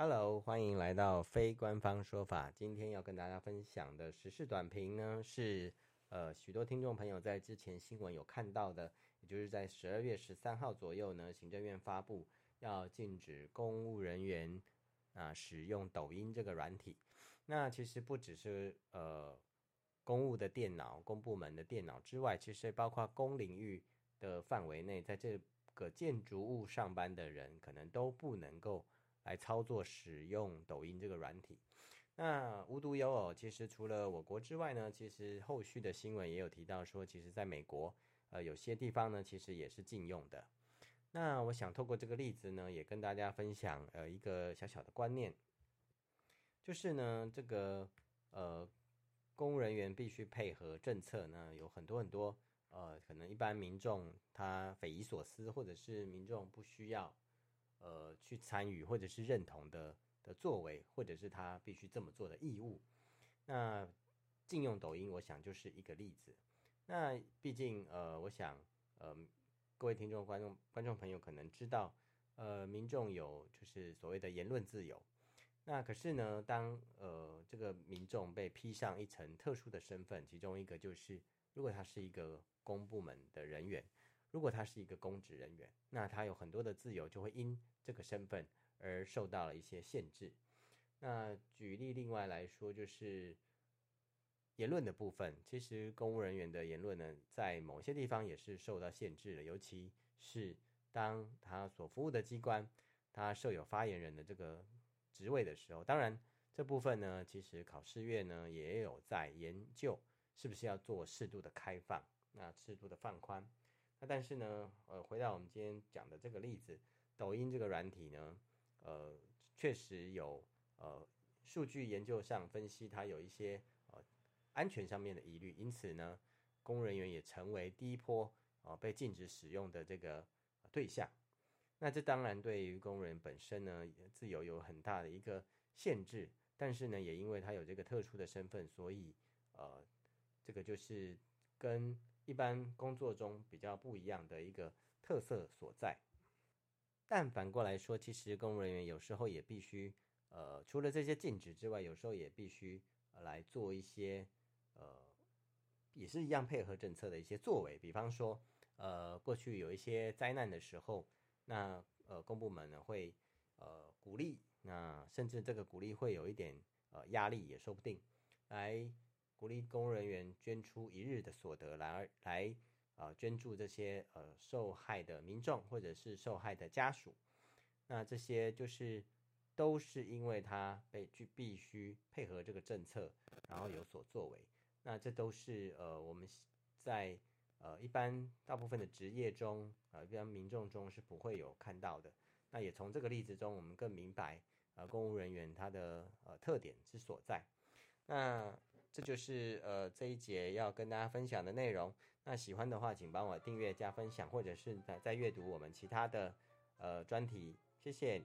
Hello，歡迎來到非官方說法。今天要跟大家分享的時事短評呢，是呃，許多聽眾朋友在之前新聞有看到的，也就是在十二月十三號左右呢，行政院發布要禁止公務人員啊、呃、使用抖音這個軟體。那其實不只是呃公務的電腦、公部門的電腦之外，其實包括公領域的範圍內，在這個建築物上班的人，可能都不能夠。來操作使用抖音這個軟體，那無獨有偶，其實除了我國之外呢，其實後續的新聞也有提到說，其實在美國，呃，有些地方呢，其實也是禁用的。那我想透過這個例子呢，也跟大家分享呃一個小小的觀念，就是呢，這個呃公務人員必須配合政策呢，有很多很多呃，可能一般民眾他匪夷所思，或者是民眾不需要。呃，去參與或者是認同的的作為，或者是他必須這麼做的義務。那禁用抖音，我想就是一個例子。那畢竟，呃，我想，呃，各位聽眾、觀眾、觀眾朋友可能知道，呃，民眾有就是所謂的言論自由。那可是呢，當呃這個民眾被披上一層特殊的身份，其中一個就是，如果他是一個公部門的人員。如果他是一個公職人員，那他有很多的自由，就會因這個身份而受到了一些限制。那舉例，另外來說就是言論的部分，其實公務人員的言論呢，在某些地方也是受到限制的，尤其是當他所服務的機關他設有發言人的這個職位的時候，當然這部分呢，其實考試院呢也有在研究是不是要做適度的開放，那適度的放寬。那但是呢，呃，回到我們今天講的這個例子，抖音這個軟體呢，呃，確實有呃，數據研究上分析它有一些呃，安全上面的疑慮，因此呢，公務人員也成為第一波呃被禁止使用的這個對象。那這當然對於工人本身呢，自由有很大的一個限制，但是呢，也因為它有這個特殊的身份，所以呃，這個就是跟。一般工作中比較不一樣的一個特色所在，但反過來說，其實公務人員有時候也必須，呃，除了這些禁止之外，有時候也必須、呃、來做一些，呃，也是一樣配合政策的一些作為。比方說，呃，過去有一些災難的時候，那呃，公部門呢會，呃，鼓勵，那甚至這個鼓勵會有一點呃壓力也說不定，來。鼓勵公務人員捐出一日的所得來，來而來呃捐助，這些呃受害的民眾或者是受害的家屬。那這些就是都是因為他被去必須配合這個政策，然後有所作為。那這都是呃我們在呃一般大部分的職業中，呃一般民眾中是不會有看到的。那也從這個例子中，我們更明白呃公務人員他的呃特點之所在。那。這就是呃這一節要跟大家分享的內容。那喜歡的話，請幫我訂閱、加分享，或者是再閱讀我們其他的呃專題。謝謝。